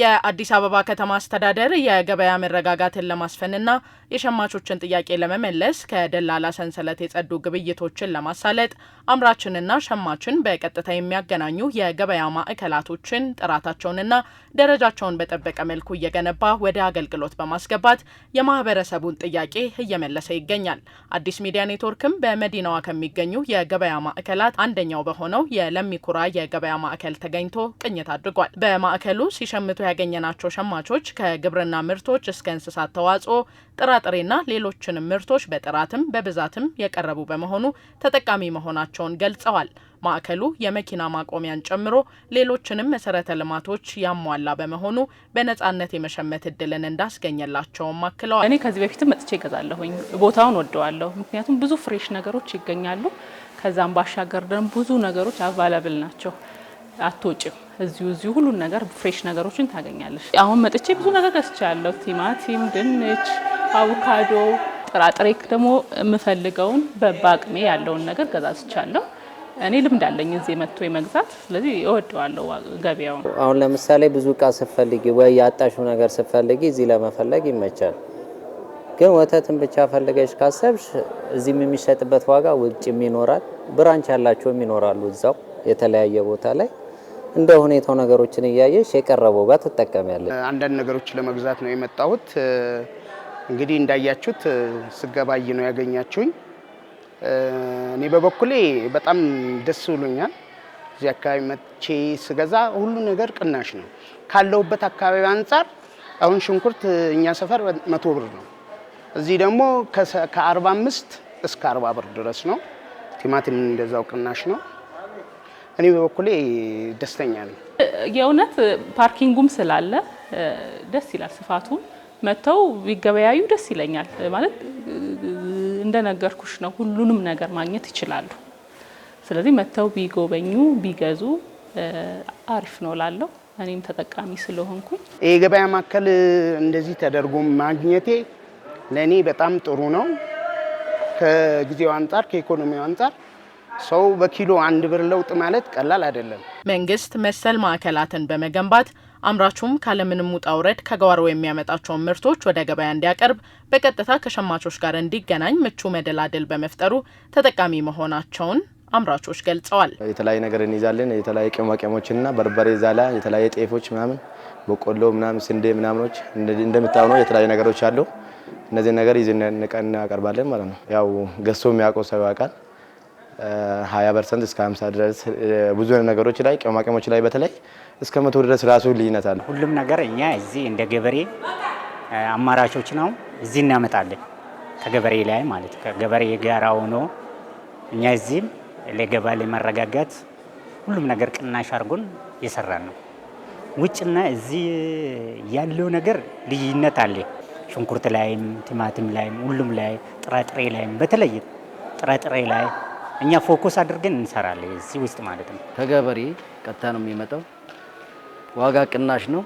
የአዲስ አበባ ከተማ አስተዳደር የገበያ መረጋጋትን ለማስፈንና የሸማቾችን ጥያቄ ለመመለስ ከደላላ ሰንሰለት የጸዱ ግብይቶችን ለማሳለጥ አምራችንና ሸማችን በቀጥታ የሚያገናኙ የገበያ ማዕከላቶችን ጥራታቸውንና ደረጃቸውን በጠበቀ መልኩ እየገነባ ወደ አገልግሎት በማስገባት የማህበረሰቡን ጥያቄ እየመለሰ ይገኛል። አዲስ ሚዲያ ኔትወርክም በመዲናዋ ከሚገኙ የገበያ ማዕከላት አንደኛው በሆነው የለሚኩራ የገበያ ማዕከል ተገኝቶ ቅኝት አድርጓል። በማዕከሉ ሲሸምቱ ያገኘናቸው ሸማቾች ከግብርና ምርቶች እስከ እንስሳት ተዋጽኦ፣ ጥራጥሬና ሌሎችንም ምርቶች በጥራትም በብዛትም የቀረቡ በመሆኑ ተጠቃሚ መሆናቸውን ገልጸዋል። ማዕከሉ የመኪና ማቆሚያን ጨምሮ ሌሎችንም መሰረተ ልማቶች ያሟላ በመሆኑ በነጻነት የመሸመት እድልን እንዳስገኘላቸውም አክለዋል። እኔ ከዚህ በፊትም መጥቼ ይገዛለሁኝ። ቦታውን ወደዋለሁ፣ ምክንያቱም ብዙ ፍሬሽ ነገሮች ይገኛሉ። ከዛም ባሻገር ደግሞ ብዙ ነገሮች አቫላብል ናቸው። አትወጭም። እዚሁ እዚሁ ሁሉን ነገር ፍሬሽ ነገሮችን ታገኛለች። አሁን መጥቼ ብዙ ነገር ገዝቻለሁ። ቲማቲም፣ ድንች፣ አቮካዶ፣ ጥራጥሬ ደግሞ የምፈልገውን በአቅሜ ያለውን ነገር ገዛዝቻለሁ። እኔ ልምድ አለኝ እዚህ መጥቶ የመግዛት ስለዚህ እወደዋለሁ ገበያውን። አሁን ለምሳሌ ብዙ እቃ ስፈልጊ ወይ ያጣሹ ነገር ስፈልጊ እዚህ ለመፈለግ ይመቻል። ግን ወተትን ብቻ ፈልገሽ ካሰብሽ እዚህም የሚሸጥበት ዋጋ ውጭም ይኖራል። ብራንች ያላቸውም ይኖራሉ እዛው የተለያየ ቦታ ላይ እንደ ሁኔታው ነገሮችን እያየሽ የቀረበው ጋር ትጠቀሚያለሽ። አንዳንድ ነገሮች ለመግዛት ነው የመጣሁት። እንግዲህ እንዳያችሁት ስገባይ ነው ያገኛችሁኝ። እኔ በበኩሌ በጣም ደስ ብሎኛል። እዚህ አካባቢ መቼ ስገዛ ሁሉ ነገር ቅናሽ ነው ካለሁበት አካባቢ አንጻር። አሁን ሽንኩርት እኛ ሰፈር መቶ ብር ነው፣ እዚህ ደግሞ ከ45 እስከ 40 ብር ድረስ ነው። ቲማቲም እንደዛው ቅናሽ ነው። እኔ በበኩሌ ደስተኛ ነኝ። የእውነት ፓርኪንጉም ስላለ ደስ ይላል። ስፋቱም መጥተው ቢገበያዩ ደስ ይለኛል። ማለት እንደነገርኩሽ ነው፣ ሁሉንም ነገር ማግኘት ይችላሉ። ስለዚህ መጥተው ቢጎበኙ ቢገዙ አሪፍ ነው ላለው እኔም ተጠቃሚ ስለሆንኩኝ ይሄ ገበያ ማዕከል እንደዚህ ተደርጎ ማግኘቴ ለእኔ በጣም ጥሩ ነው። ከጊዜው አንጻር ከኢኮኖሚው አንጻር ሰው በኪሎ አንድ ብር ለውጥ ማለት ቀላል አይደለም። መንግስት መሰል ማዕከላትን በመገንባት አምራቹም ካለምንም ውጣ ውረድ ከጓሮ የሚያመጣቸውን ምርቶች ወደ ገበያ እንዲያቀርብ በቀጥታ ከሸማቾች ጋር እንዲገናኝ ምቹ መደላደል በመፍጠሩ ተጠቃሚ መሆናቸውን አምራቾች ገልጸዋል። የተለያየ ነገር እንይዛለን። የተለያየ ቅመማ ቅመሞችና በርበሬ ዛላ፣ የተለያየ ጤፎች ምናምን፣ በቆሎ ምናምን፣ ስንዴ ምናምኖች ነው። የተለያዩ ነገሮች አሉ። እነዚህ ነገር ይዘን እናቀርባለን ማለት ነው። ያው ገሶ የሚያውቀው ሰው ያውቃል። ሀያ ፐርሰንት እስከ ሀምሳ ድረስ ብዙ ነገሮች ላይ ቅመማ ላይ በተለይ እስከ መቶ ድረስ ራሱ ልዩነት አለ። ሁሉም ነገር እኛ እዚህ እንደ ገበሬ አማራቾች ነው እዚህ እናመጣለን። ከገበሬ ላይ ማለት ከገበሬ ጋር ሆኖ እኛ እዚህም ለገባ ለመረጋጋት ሁሉም ነገር ቅናሽ አድርጎን እየሰራን ነው። ውጭና እዚህ ያለው ነገር ልዩነት አለ። ሽንኩርት ላይም፣ ቲማቲም ላይም፣ ሁሉም ላይ ጥራጥሬ ላይም በተለይ ጥራጥሬ ላይ እኛ ፎከስ አድርገን እንሰራለን እዚህ ውስጥ ማለት ነው። ከገበሬ ቀጥታ ነው የሚመጣው። ዋጋ ቅናሽ ነው።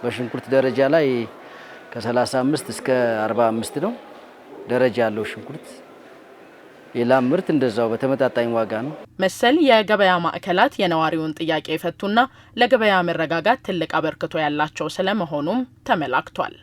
በሽንኩርት ደረጃ ላይ ከ35 እስከ 45 ነው ደረጃ ያለው ሽንኩርት። ሌላ ምርት እንደዛው በተመጣጣኝ ዋጋ ነው። መሰል የገበያ ማዕከላት የነዋሪውን ጥያቄ የፈቱና ለገበያ መረጋጋት ትልቅ አበርክቶ ያላቸው ስለመሆኑም ተመላክቷል።